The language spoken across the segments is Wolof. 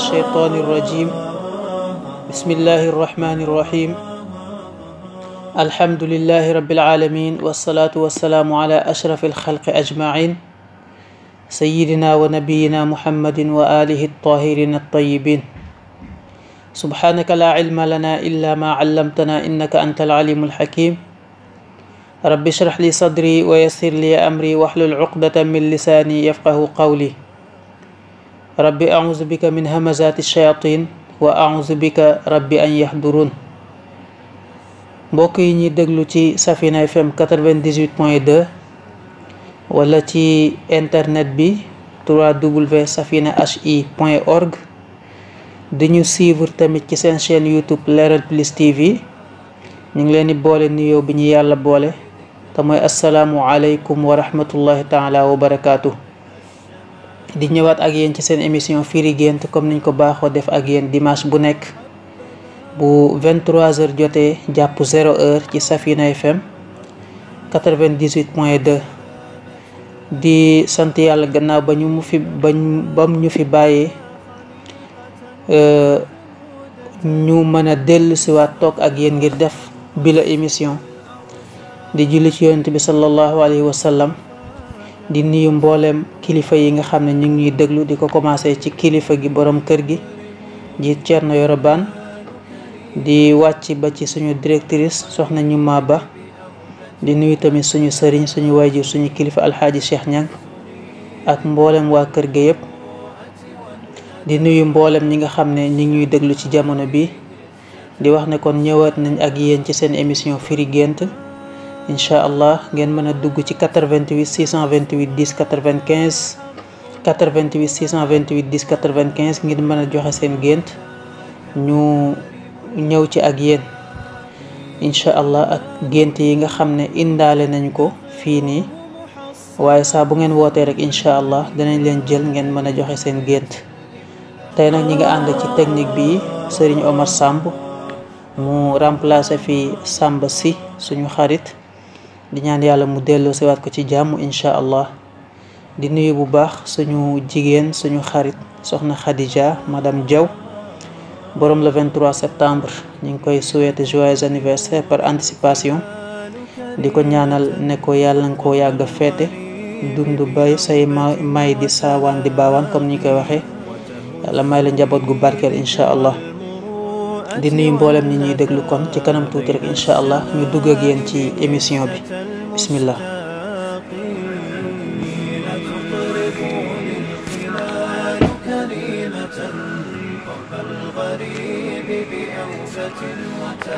الشيطان الرجيم بسم الله الرحمن الرحيم الحمد لله رب العالمين والصلاة والسلام على أشرف الخلق أجمعين سيدنا ونبينا محمد وآله الطاهرين الطيبين سبحانك لا علم لنا إلا ما علمتنا إنك أنت العليم الحكيم رب اشرح لي صدري ويسر لي أمري واحلل عقدة من لساني يفقه قولي rabbi auzu bika min hamazati shayatin wa auzu bika rabbi an yahdurun mbokk yi ñuy déglu ci Safina FM 98 point 2 wala ci internet bi www.safinahi.org di ñu suivre tamit ci seen chaîne YouTube Leral Plus TV ñu ngi leen di boole nuyoo bi ñu yàlla boole te mooy asalaamualeykum wa rahmatullahi taala wa barakaatu. di ñëwaat ak yeen ci seen émission firi gént comme niñ ko baaxoo def ak yeen dimanche bu nek bu 23h jotee japp 0h ci Safina FM 98.2 di sant yalla gannaaw bañu mu fi bañ bam ñu fi bayé euh ñu mëna déllu ci siwaat tok ak yeen ngir def bi la émission di julli ci yoonte bi sallallahu alayhi wa sallam di nuyu mbollem kilifa yi nga xamne ñu ngi deglu diko di commencé ci kilifa gi borom kër gi ji Thierno yoroban di wacc ba ci suñu directrice soxna ñu Ba di nuyu tamit suñu serigne suñu wayjur suñu kilifa alxaaji Cheikh Ñang ak mbollem wa kër ge yeb di nuyu mbollem ñi nga xamne ñi ngi deglu ci jamono bi di wax ne kon ñewat nañ ak yeen ci seen émission inchaallah ngeen mën a dugg ci 88 628 10 95 88 628 10 95 ngir mën a joxe seen gént ñu ñëw ci ak yéen inchaallah ak gént yi nga xam ne indaale nañu ko fii nii waaye saa bu ngeen wootee rek inchaallah dinañ leen jël ngeen mën a joxe seen gént tey nag ñi nga ànd ci technique bi Serigne Omar Samb mu remplacer fi Samba si suñu xarit di ñaan yàlla mu delloo siwaat ko ci jàmm insha allah di nuyu bu baax suñu jigéen suñu xarit soxna Khadija madame Diaw borom le 23 septembre ñu ngi koy souhaiter joyeux anniversaire par anticipation di ko ñaanal ne ko yàlla nga koo yàgg fete dund bay say may di saawaan di baawaan comme ni koy waxee yàlla may la njaboot gu barkeel insha allah di nuyu mboolem ñi ñuy déglu kon ci kanam tuuti rek insha allah ñu dugg ak yeen ci émission bi bismillah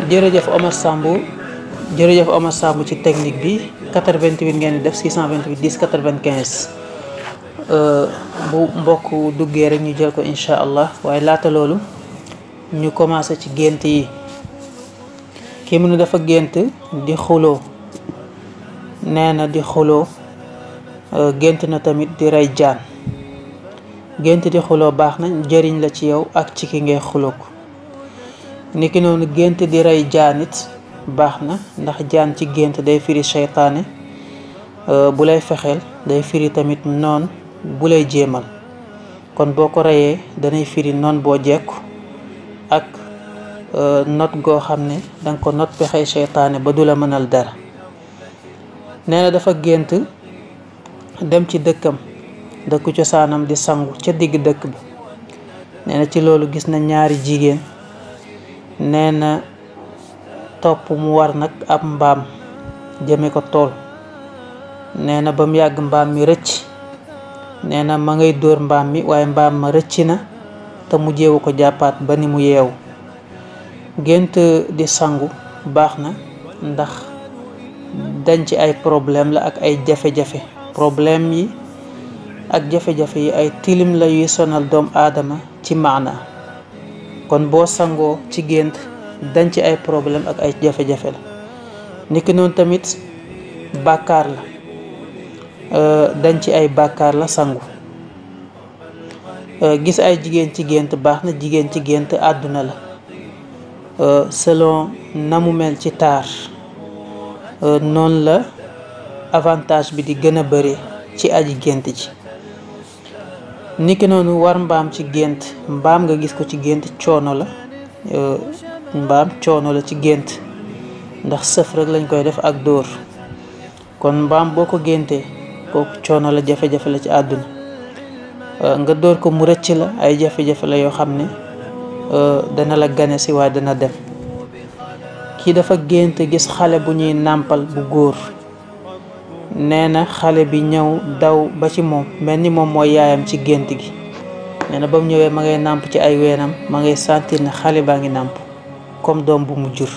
jërëjëf Omar Sambu jërëjëf Omar Sambu ci technique bi 88 ngeen def 628 10 95 euh bu mbokk duggee rek ñu jël ko insha allah waaye laata loolu ñu commencé ci gént yi kii mu ne dafa gént di xuloo nee na di xuloo euh, gént na tamit di rey jaan gént di xuloo baax na jëriñ la ci yow ak ci ki ngay xuloo ko ni ki noonu gént di rey jaan jaanit baax na ndax jaan ci gént day firi seytaane euh, bu lay fexeel day firi tamit noon bu lay jéemal kon boo ko reyee danay firi noon boo jekku ak euh, not goo xam ne danga ko not pexey seytaane ba du la mënal dara nee dafa gént dem ci dëkkam dëkku cosaanam di sangu ca digg dëkk bi nee ci loolu gis na ñaari jigéen nee na topp mu war nag ab mbaam jëme ko tool nee na ba mu yàgg mbaam mi rëcc nee na ma ngay dóor mbaam mi waaye mbaam ma rëcci na te mujjeewu ko jàppaat ba ni mu yeewu gént di sangu baax na ndax dañ ci ay problème la ak ay jafe-jafe problème yi ak jafe-jafe yi ay tilim la yuy sonal doom aadama ci maana kon boo sangoo ci gént dañ ci ay problème ak ay jafe-jafe la niki noonu tamit bàkkaar la euh, dañ ci ay bàkkaar la sangu Euh, gis ay jigéen ci gént baax na jigéen ci gént àdduna la euh, selon na mu mel ci taar euh, noon la avantage bi di gën a bëri ci aji gént ji niki noonu war mbaam ci gént mbaam nga gis ko ci gént coono la mbaam coono la ci gént ndax sëf rek lañ koy def ak dóor kon mbaam boo ko géntee kooku coono la jafe-jafe la ci àdduna Euh, nga dóor ko mu rëcc la ay jafe-jafe la yoo xam ne euh, dana la gane si waaye dana dem kii dafa gént gis xale bu ñuy nàmpal bu góor nee na xale bi ñëw daw ba ci moom mel ni moom mooy yaayam ci gént gi nee na ba ñëwee ma ngay nàmp ci ay weenam ma ngay sentir ne xale baa ngi nàmp comme doom bu mu jur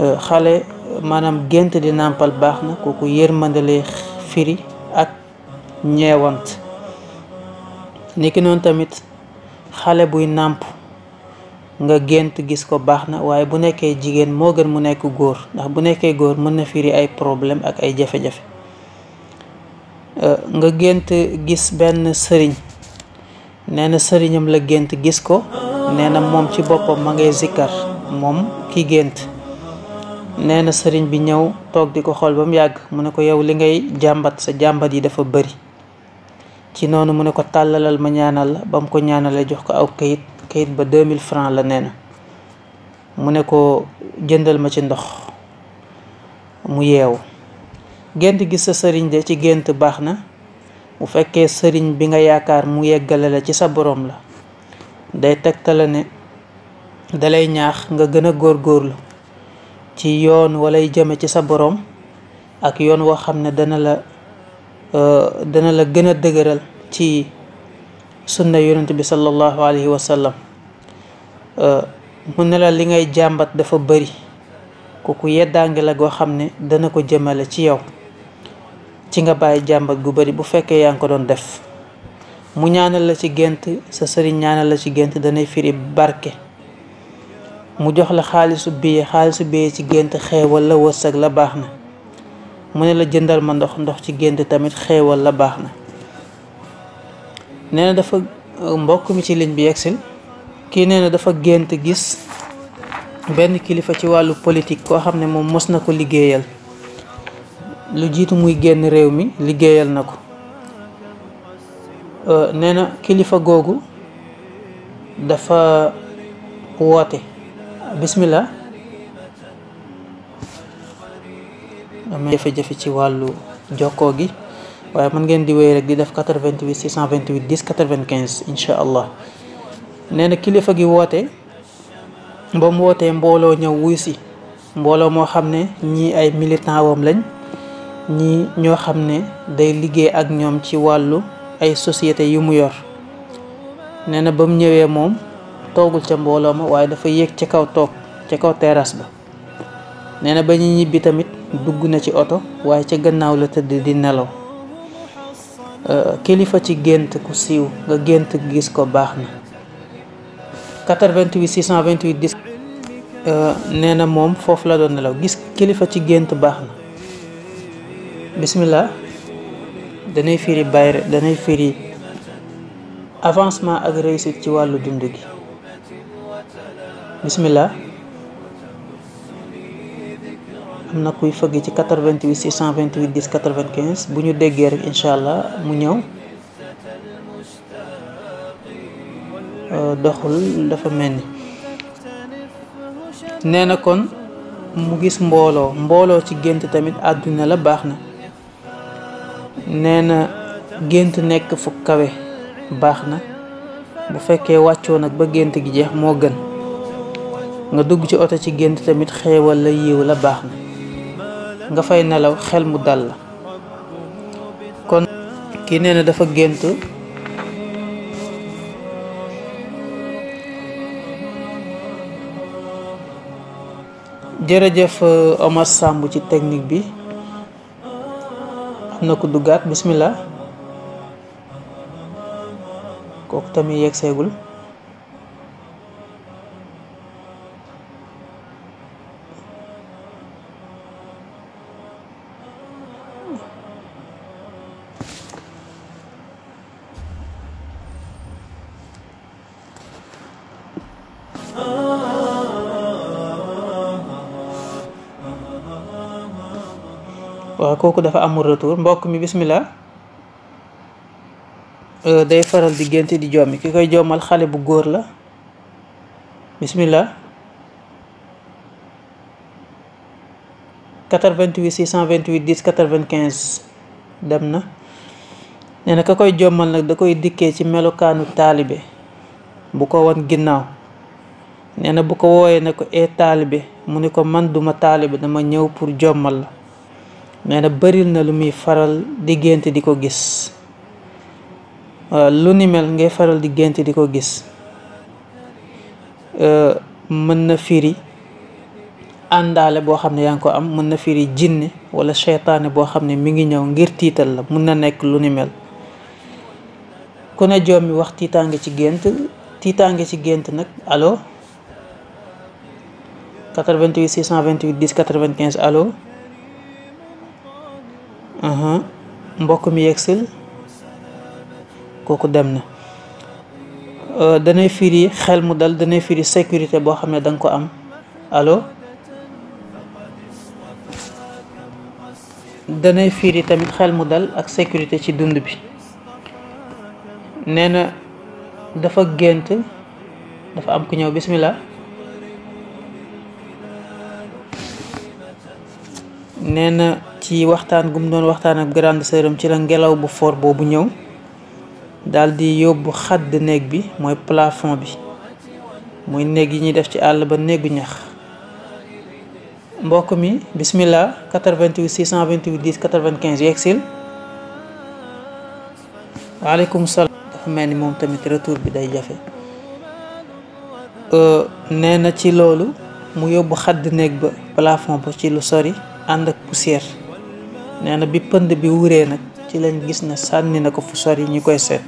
euh, xale maanaam gént di nàmpal baax na kooku yërmande lay firi ak ñeewant niki noonu tamit xale buy nàmp nga gént gis ko baax na waaye bu nekkee jigéen moo gën mu nekk góor ndax bu nekkee góor mën na firi ay problème ak ay jafe-jafe euh, nga gént gis benn sëriñ nee na sëriñam la gént gis ko nee na moom ci boppam ma ngay zikkar moom ki gént nee na sëriñ bi ñëw toog di ko xool ba mu yàgg mu ne ko yow li ngay jàmbat sa jàmbat yi dafa bari ci noonu mu ne ko tàllalal ma ñaanal la ba mu ko ñaanalee jox ko aw kayit kayit ba 2000 francs la nee mu ne ko jëndal ma ci ndox mu yeewu gént gis sa sëriñ de ci gént baax na bu fekkee sëriñ bi nga yaakaar mu yeggale la ci sa borom la day tegtale ne dalay ñaax nga gën a góorlu ci yoon walay jëme ci sa borom ak yoon woo xam ne dana la Euh, dana la gën a dëgëral ci sunna yonent bi sallallahu alayhi wa sallam euh, mu ne la li ngay jàmbat dafa bëri kooku yeddaange la goo xam ne dana ko jëmale ci yow ci nga bàyyi jàmbat gu bari bu fekkee yaa ngi ko doon def mu ñaanal la ci gént sa sëriñ ñaanal la ci gént danay firi barke mu jox la xaalisu biye xaalisu biye ci gént xeewal la wërsëg la baax na mu ne la jëndal ma ndox ndox ci gént tamit xéewal la baax na nee dafa mbokk mi ci ligne bi yegsil kii nee na dafa gént gis benn kilifa ci wàllu politique koo xam ne moom mos na ko liggéeyal lu jiitu muy génn réew mi liggéeyal na ko euh, nee na kilifa googu dafa woote bismillah amee jafe-jafe ci wàllu jokkoo gi waaye mën ngeen di wéy rek di def 88 628 10 95 incha allah nee na kilifa gi woote ba mu wootee mbooloo ñëw wuy si mbooloo moo xam ne ñii ay militant wam lañ ñi ñoo xam ne day liggéey ak ñoom ci wàllu ay société yu mu yor nee na ba ñëwee moom toogul ca mbooloo ma waaye dafa yéeg ca kaw toog ca kaw terrasse ba neena bañu ñibbi tamit dugg na ci auto waaye ca gannaaw la tëdd di nelaw euh, kilifa ci gént ku siiw nga gént gis ko baax na 88 628 10 nee moom foofu la doon nelaw gis kilifa ci gént baax na bismillah danay firi bayr danay firi avancement ak réussite ci wàllu dund gi bismillah am na kuy fëgg ci 88 628 10 95 bu ñu déggee rek incha allah mu ñëw euh, doxul dafa mel ni nee na kon mu gis mbooloo mbooloo ci gént tamit àdduna la baax na nee na gént nekk fu kawe baax na bu fekkee wàccoo nag ba gént gi jeex moo gën nga dugg ci oto ci gént tamit xéewal la yiw la baax na nga fay nelaw xel mu dal kon ki neena na dafa gentu jërëjëf euh, Omar Sambu ci technique bi am na ko duggaat bismillah kooku tamit yegg seegul wa koku dafa am retour mbok mi bismillah eh, day faral di genti di jomi ki koy jomal xale bu góor la bismillah 88 628 10 95 dem na nee ka koy jomal nak da koy dikke ci melokanu talibé bu ko won ginnaw nee na bu ko wooyee ne ko ee eh, taalibe mu ne ko man duma taalibe dama ñëw pour jommal la nee na na lu muy faral di gént di ko gis lu ni ngay faral di gént di ko gis mën na firi àndaale boo xam ne yaa ngi ko am mën na firi jinne wala seytaane boo xam ne mi ngi ñëw ngir tiital la mën na nekk lu ni mel ku ne joom mi wax tiitaange ci gént tiitaange ci gént nag alo 88 628 10 95 allo mbokk mi yegsil kooku dem na danay firi xel mu dal danay firi sécurité boo xam ne danga ko am allo danay firi tamit xel mu dal ak sécurité ci dund bi nee na dafa gént dafa am ku ñëw bismillah nee na ci waxtaan gum doon waxtaan ak grande sœur am ci la ngelaw bu fort boobu ñëw daal di yóbbu xadd néeg bi mooy plafond bi muy néeg yi ñuy def ci àll ba néegu ñax mbokk mi bismillah 88 628 10 95 yegsil waaleykum salaam dafa mel ni moom tamit retour bi day jafe euh, nee na ci loolu mu yóbbu xadd néeg ba plafond ba ci lu sori ànd ak poussière nee na bi pënd bi wuree nag ci lañ gis na sànni na ko fu sori ñi koy seet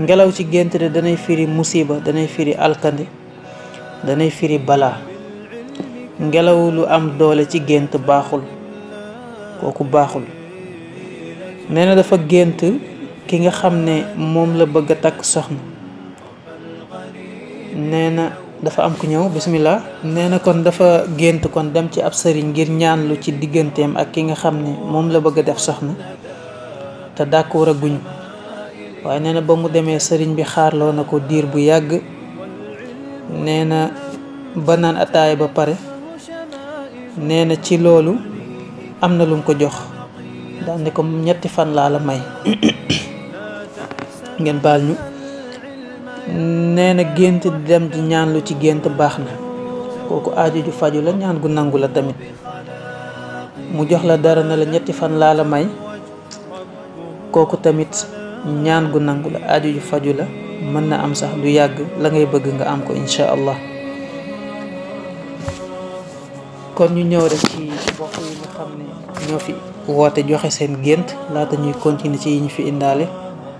ngelaw ci gént de danay firi musiba danay firi alkande danay firi balaa ngelaw lu am doole ci gént baaxul kooku baaxul nee na dafa gént ki nga xam ne moom la bëgg a takk soxna nee dafa am ku ñëw bismillah nee na kon dafa gént kon dem ci ab sëriñ ngir ñaan lu ci digganteem ak ki nga xam ne moom la bëgg a def soxna te d'accord a guñu waaye nee na ba mu demee sëriñ bi xaarloo na ko diir bu yàgg nee na ba ba pare nee na ci loolu am na lu mu ko jox daal ne ko ñetti fan laa la may ngeen baal neena gënt dem di ñaan lu ci gënt baxna koku aaju ju faju la ñaan gu nangu la tamit mu jox la dara na la ñetti fan la la may koku tamit ñaan gu nangu aaju ju faju la mën na am sax du la ngay bëgg nga am ko insha allah kon ñu ñëw rek ci bokk yi nga xam ñoo fi wote joxe seen gént laata ñuy continuer ci yi fi indalé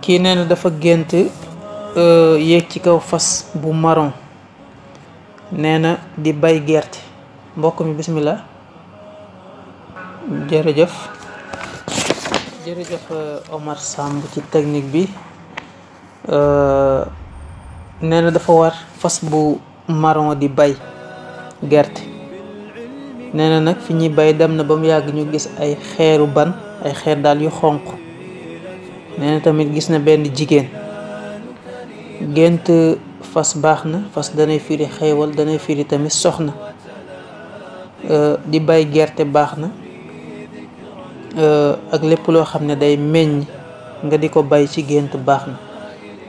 ki neena dafa gënt yek ci kaw fas bu maron neena di bay gerte mbokk mi bismillah jërëjëf jërëjëf Omar Sam ci technique bi euh neena dafa war fas bu maron di bay gert. neena nak fiñi bay dam na bam yag ñu gis ay xéeru ban ay xéer dal yu xonku neena tamit gis na benn jigen gént fas baax na fas danay firi xéewal danay firi tamit soxna euh, di bay gerte baax na euh, ak lépp loo xam ne day meññ nga di ko bay ci gént baax na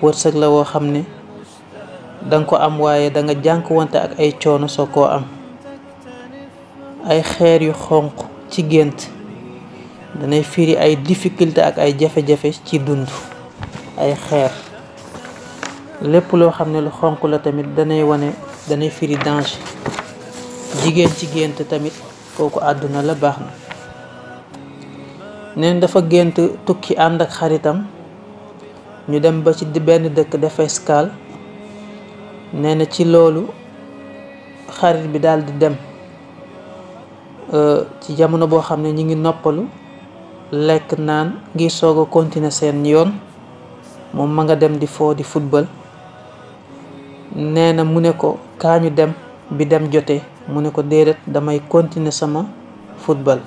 wërsëg la woo xam ne danga ko am waaye danga jànq wante ak ay coono soo koo am ay xeer yu xonq ci gént danay firi ay difficulté ak ay jafe-jafe ci dund ay xeer lépp loo xam ne lu xonq la tamit danay wane danay firi danger jigéen ci gént tamit kooku àdduna la baax na neen dafa gént tukki ànd ak xaritam ñu dem ba ci di benn dëkk def escale nee ci loolu xarit bi daal di dem euh, ci jamono boo xam ne ñu ngi noppalu lekk naan ngir soog a continuer seen yoon moom ma nga dem di foo di football nee na mu ne ko kaañu dem bi dem jotee mu ne ko déedéet damay continuer sama football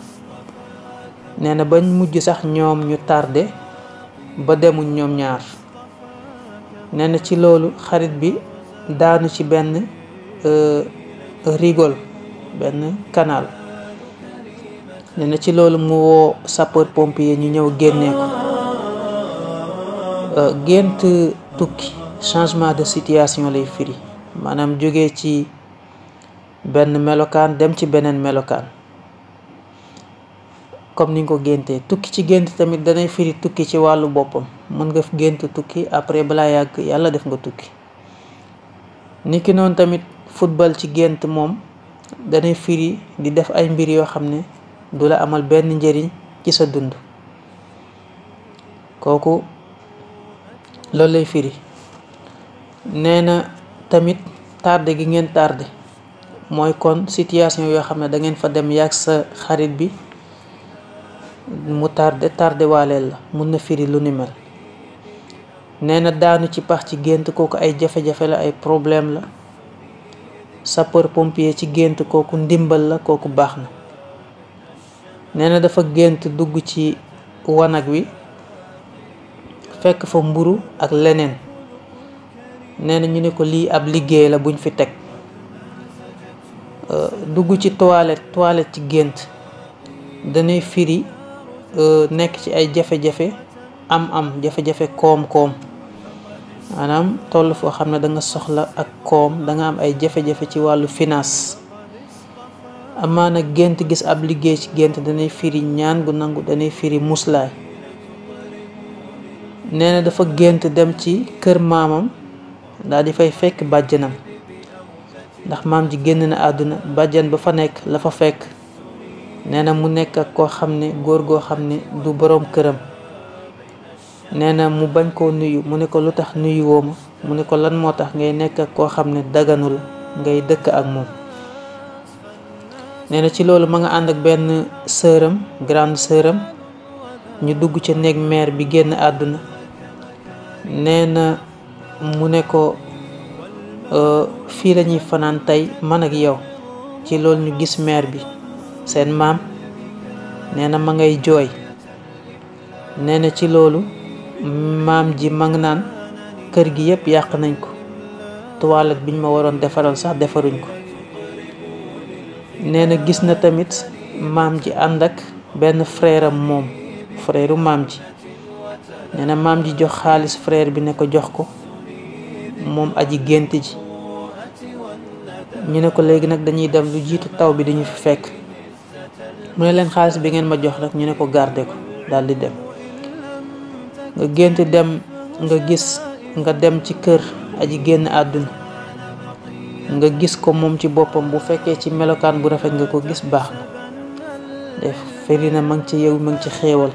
nee na bañ mujj sax ñoom ñu tardé ba demuñ ñoom ñaar nee ci loolu xarit bi daanu ci benn euh, rigol benn canal nee ci loolu mu woo sapeur pompier ñu ñëw génnee ko euh, gént tukki changement de situation lay firi maanaam jóge ci melokan melokan dem ci benen melokan comme ni nga ko géntee tukki ci genté tamit nay firi tukki ci walu bopam mën nga genté tukki après bala yag yalla def nga tukki niki non tamit football ci mom da nay firi di def ay mbir yo xamné dula amal ben njëriñ ci sa dund koku lolay firi nee na tamit tardé gi ngeen tardé mooy kon situation yoo xam ne dangeen fa dem yàgg sa xarit bi mu tardé tardé la mun na firi lu ni mel nee na daanu ci pax ci gént kooku ay jafe-jafe la ay problème la sapeur pompier ci gént kooku ndimbal la kooku baax na nee na dafa gént dugg ci wanag wi fekk fa mburu ak leneen nee ñu ne ko lii ab liggéey la buñ fi teg euh, dugg ci toilette toilette ci gént danay firi euh, nekk ci ay jafe-jafe am-am jafe-jafe kom koom maanaam toll foo xam ne da nga soxla ak koom da nga am ay jafe-jafe ci wàllu finance amaana gént gis ab liggéey ci gént danay firi ñaan gu nangu danay firi muslaay nee na dafa gént dem ci kër maamam daal di fay fekk bàjjanam ndax mam ji genn na aduna bàjjan ba fa nekk la fa fekk neena mu nek ak koo xam du borom kërëm neena mu bañ ko nuyu mu ne ko lutax nuyu woma mu ne ko lan motax ngay nek ak daganul ngay dekk ak mom neena ci lolu ma nga and ak ben sëram grande sëram ñu dugg ci nek mère bi genn aduna neena mu ne ko fii la ñuy fanaan tey man ak yow ci loolu ñu gis maire bi seen mam ma ngay ci loolu ji mag naan kër gi yépp yàq nañ ko toilette biñ ma waroon defaral sax defaruñ ko gis na tamit ji ànd ak benn frère am moom frère ji nee mam ji jox xaalis frère bi ne ko jox ko Mom aji genti ji ñu ne ko legi nak dañuy dem lu jitu taw bi dañuy fekk mu ne len xaliss bi ngeen ma jox nak ñu ne ko garder ko dal di dem nga genti dem nga gis nga dem ci kër aji genn aduna nga gis ko moom ci bopam bu fekke ci melokan bu rafet nga ko gis bax def ferina mang ci yow mang ci xewal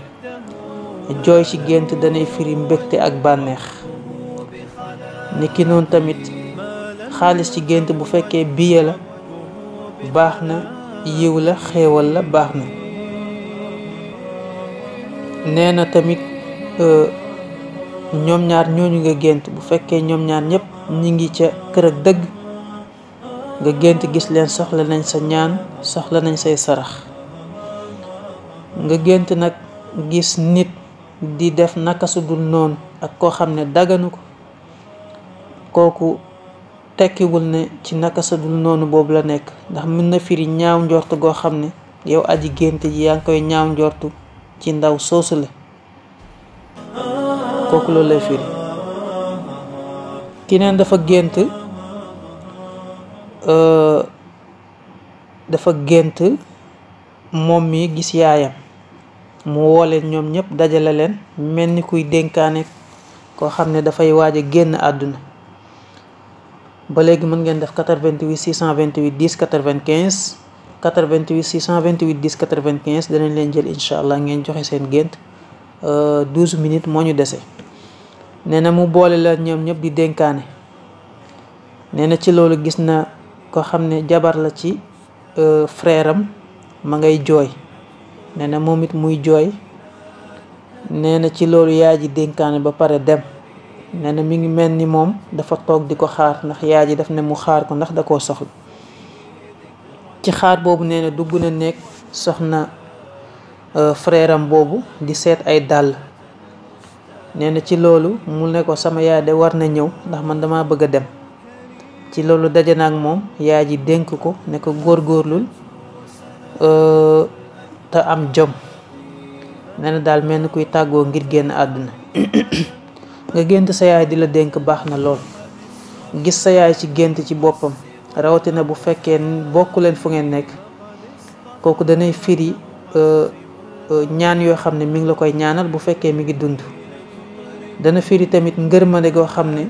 joy ci genti dañay firi mbekté ak banex niki noonu tamit xaalis ci gént bu fekkee biye la baax na yiw la xéewal la baax na nee na tamit euh, ñoom ñaar ñooñu nga gént bu fekkee ñoom ñaar ñëpp ñi ngi ca kër dëgg nga gént gis leen soxla nañ sa ñaan soxla nañ say sarax nga gént nag gis nit di def naka su dul noonu ak koo xam ne kooku tekkiwul ne ci naka sa noonu boobu la nekk ndax mën na firi ñaaw njort goo xam ne yow aji gént ji yaa ngi koy ñaaw njortu ci ndaw soosu la kooku loolu lay firi keneen dafa gént euh, dafa gént moom mi gis yaayam mu woo leen ñoom ñëpp dajale leen mel ni kuy dénkaane koo xam ne dafay waaj a génn àdduna ba léegi mën ngeen def 88 628 10 95 88 628 10 95 danañ leen jël allah ngeen joxe seen 12 euh, minutes moo ñu dese mu boole la di ci gis na ko jabar la ci euh, frère am ma ngay muy joy. nee ci loolu yaaji ji ba pare dem nee na mi ngi mel ni moom dafa toog di ko xaar ndax yaay ji def ne mu xaar ko ndax da koo soxla ci xaar boobu nee na dugg na nekk soxna euh, frère am boobu di seet ay dàll nee na ci loolu mu ne ko sama yaay de war na ñëw ndax man dama bëgg a dem ci loolu daje na ak moom yaay ji dénk ko ne ko góor góorgóorlul euh, te am jom nee na daal mel ni kuy tàggoo ngir génn àdduna nga gént sa yaay di la dénk baax na lool gis sa yaay ci gént ci boppam rawatina bu fekkee bokk leen fu ngeen nekk kooku danay firi euh, euh, ñaan yoo xam ne mi ngi la koy ñaanal bu fekkee mi ngi dund dana firi tamit ngërmande goo xam ne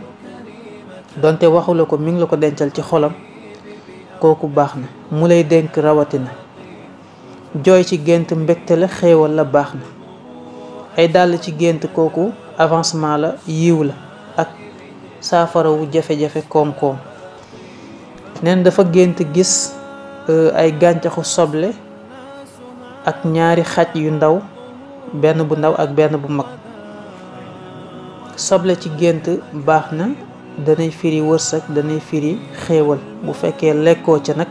donte waxu la ko mi ngi la ko dencal ci xolam kooku baax na mu lay dénk rawatina jooy ci gént mbégte la xéewal la baax na ay dàll ci gént kooku avancement la yiw la ak saafarawu jafe-jafe koom-koom neen dafa gént gis euh, ay gàncaxu soble ak ñaari xaj yu ndaw benn bu ndaw ak benn bu mag soble ci gént baax na danay firi wërsëg danay firi xéewal bu fekkee lekkoo ca nag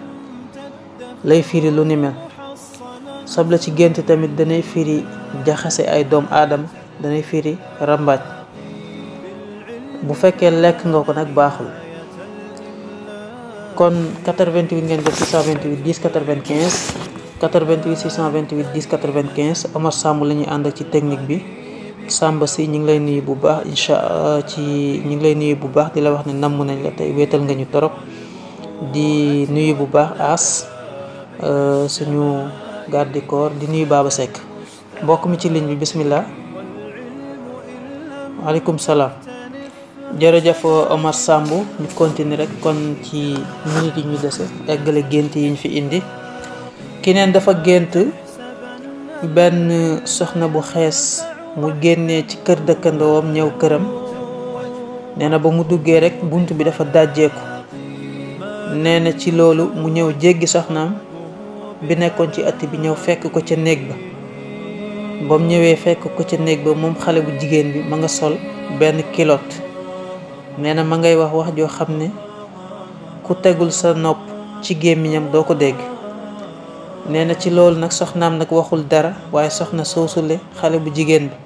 lay firi lu ni mel soble ci gént tamit danay firi jaxase ay doom aadama danay firi rambaaj bu fekkee lekk nga ko nag baaxul kon 88 ngeen def 628 10 95 88 628 10 95 Omar Samb la ñuy ànd ci technique bi Samba si ñu ngi lay nuyu bu baax incha ci ñu ngi lay nuyu bu baax di la wax ne namm nañ la tey wéetal nga ñu torop di nuyu bu baax aas euh, suñu garde corps di nuyu Baba sek mbokk mi ci ligne bi bismillah alaykum salam jërëjëf Omar Sambu ñu continue rek kon ci minute yi ñu dese eggale gént yi fi indi Kini dafa gént benn soxna bu xees mu génnee ci kër dëkkandoom ñëw këram nee na ba mu duggee rek bunt bi dafa dàjjeeku nee na ci loolu mu ñëw jéggi soxnaam bi nekkoon ci att bi ñëw fekk ko ca néeg ba mu ñëwee fekk ko ca néeg ba moom xale bu jigéen bi mu nga sol benn kilot nee na ma ngay wax wax joo xam ne ku tegul sa nopp ci gémmiñam doo ko dégg nee na ci loolu nag soxnaam nag waxul dara waaye soxna soosule xale bu jigéen bi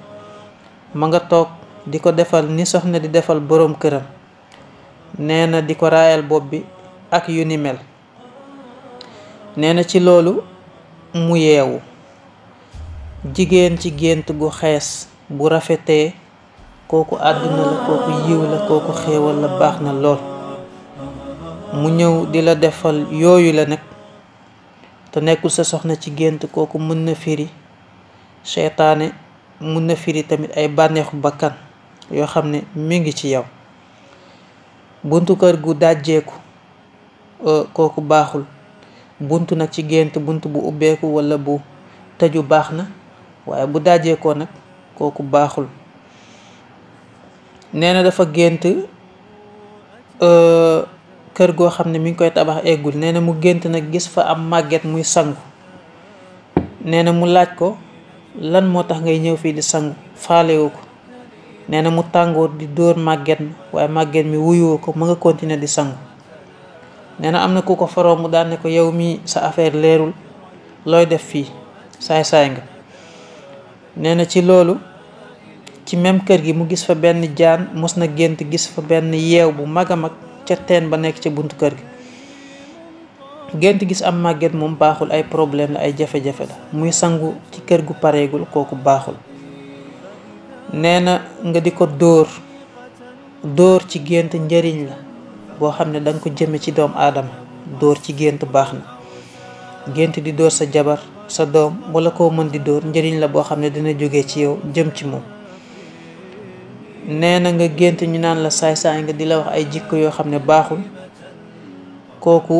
ma nga toog di ko defal ni soxna di defal boroom këram nee na di ko raayal bopp bi ak yu ni mel nee ci loolu mu yeewu jigéen ci gént gu xees bu rafetee kooku àdduna la kooku yiw la kooku xéewal la baax na lool mu ñëw di la defal yooyu la nag te nekkul sa soxna ci gént kooku mën na firi seytaane mën na firi tamit ay bànneexu bakkan yoo xam ne mi ngi ci yow buntu kër gu dàjjeeku euh, kooku baaxul bunt nag ci gént bunt bu ubbeeku walla bu tëju baax na waaye bu daajee ko nag kooku baaxul nee na dafa gént euh, kër goo xam ne mi ngi koy tabax eggul nee na mu gént nag gis fa am màgget muy sangu nee na mu laaj ko lan moo tax ngay ñëw fii di sangu faalewu ko nee na mu tàngoor di dóor màgget mi waaye màgget mi wuyoo ko mu nga continuer di sangu nee na am na ku ko faroo mu daan ko yow mii sa affaire leerul looy def fii saay-saay nga nee ci loolu ci même kër gi mu gis fa benn jaan mos na gént gis fa benn yeew bu mag a mag ca teen ba nekk ca buntu kër gi gént gis am màgget moom baaxul ay problème la ay jafe-jafe la muy sangu ci kër gu pareegul kooku baaxul nee na nga di ko dóor dóor ci gént njëriñ la boo xam ne ko jëme ci doom aadama dóor ci gént baax na gént di dóor sa jabar sa doom wala koo mën di dóor njëriñ la boo xam ne dina jóge ci yow jëm ci moom nee na nga gént ñu naan la saay-saay nga di la wax ay jikk yoo xam ne baaxul kooku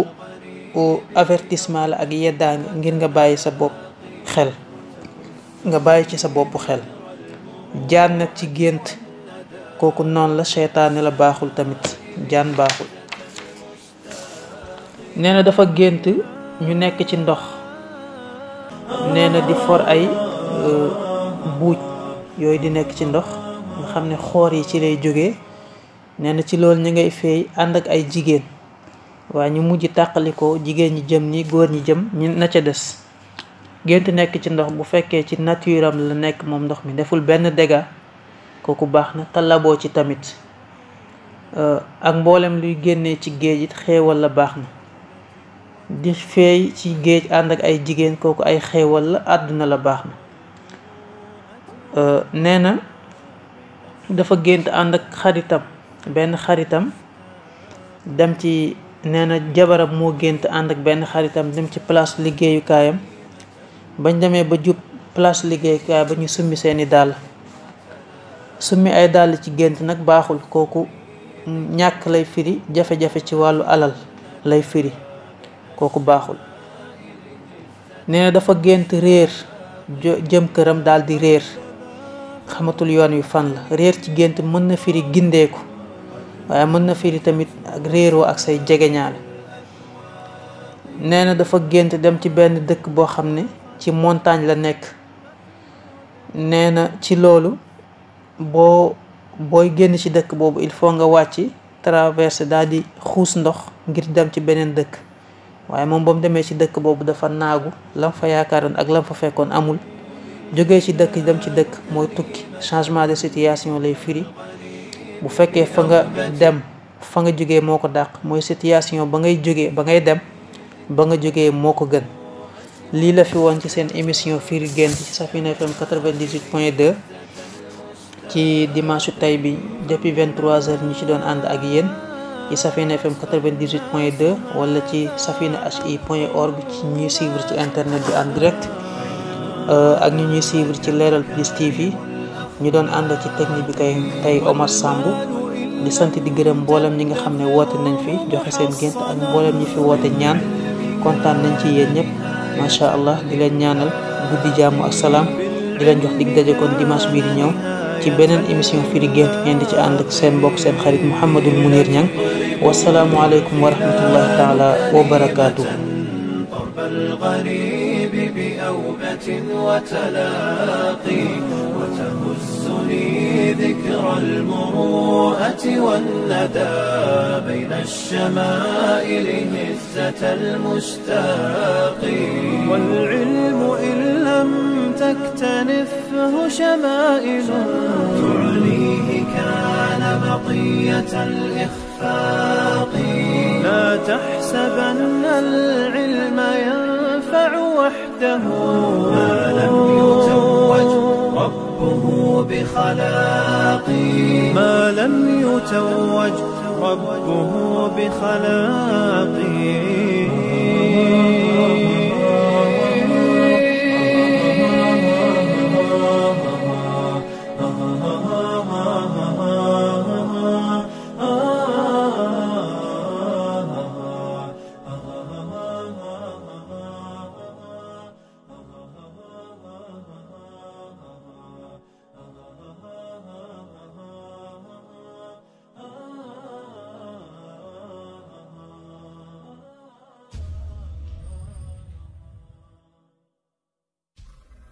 avertissement la ak yeddaange ngir nga bàyyi sa bopp xel bàyyi ci sa bopp xel jaan na ci gént kooku noonu la seytaane la baaxul tamit jaan baaxul nee dafa gént ñu nekk ci ndox nee na di for ay euh, buuj yooyu di nekk ci ndox nga xam ne xoor yi ci lay jóge neena ci loolu ñu ngay feey ànd ak ay jigéen waa ñu mujj tàqalikoo jigéen ñi jëm ni góor ñi jëm ñi na ca des gént nekk ci ndox bu fekkee ci nature am la nekk moom ndox mi deful benn dégât kooku baax na te ci tamit euh, ak mboolem luy génnee ci géej yit xeewal la baax na di feey ci geej ànd ak ay jigen koku ay xewal la aduna la bax na euh neena dafa gént ànd ak xaritam ben xaritam dem ci neena jabaram mo gént ànd ak xaritam dem ci place kayam bañ demee ba jup place liggéeyukaay ba ñu summi seeni dal summi ay dal ci gént nak baxul koku ñak lay firi jafé jafé ci walu alal lay firi kooku baaxul nee dafa gént réer jëm këram dal di réer xamatul yoon wi fan la réer ci gént mën na firi gindeeku waaye mën na firi tamit ak réeroo ak say jegeñaale nee na dafa gént dem ci benn dëkk boo xam ne ci montagne la nekk nee na ci loolu boo booy génn ci dëkk boobu il faut nga wàcc traverser daal di xuus ndox ngir dem ci beneen dëkk waaye moom ba mu demee ci dëkk boobu dafa naagu lam fa yaakaaroon ak lam fa fekkoon amul jógee ci dëkk dem ci dëkk mooy tukki changement de situation lay firi bu fekkee fa nga dem fa nga jógee moo ko dàq mooy situation ba ngay jógee ba ngay dem ba nga jógee moo ko gën lii la fi woon ci seen émission firi gént ci Safina FM 98 point de ci dimanche tey bi depuis 23 heures ñu ci doon ànd ak yéen ci Safina FM 98 point 2 wala ci safina hi point org ci ñuy suivre ci internet bi en direct euh, ak ñu ñuy suivre ci Leral Plus TV ñu doon ànd ci technique bi kay tey Omar Samb di sant di gërëm mboolem ñi nga xam ne woote nañ fi joxe seen gént ak mboolem ñi fi woote ñaan kontaan nañ ci yéen ñëpp macha allah di leen ñaanal guddi jàmm ak salaam di leen jox dig daje kon dimanche bii di ñëw. ci benen émission firi gént ngeen di ci ànd ak seen bokk seen xarit Mohamed Mounir Niang alaykum wa rahmatullahi taala wa barakatuh الغريب بأوبة وتلاقي وتهزني ذكرى المروءة والندى بين الشمائل هزة المشتاق والعلم إن لم تكتنفه شمائل تعليه كان بقية الإخفاق لا تحسبن العلم ينفع وحده ما لم يتوج ربه بخلاق ما لم يتوج ربه بخلاقي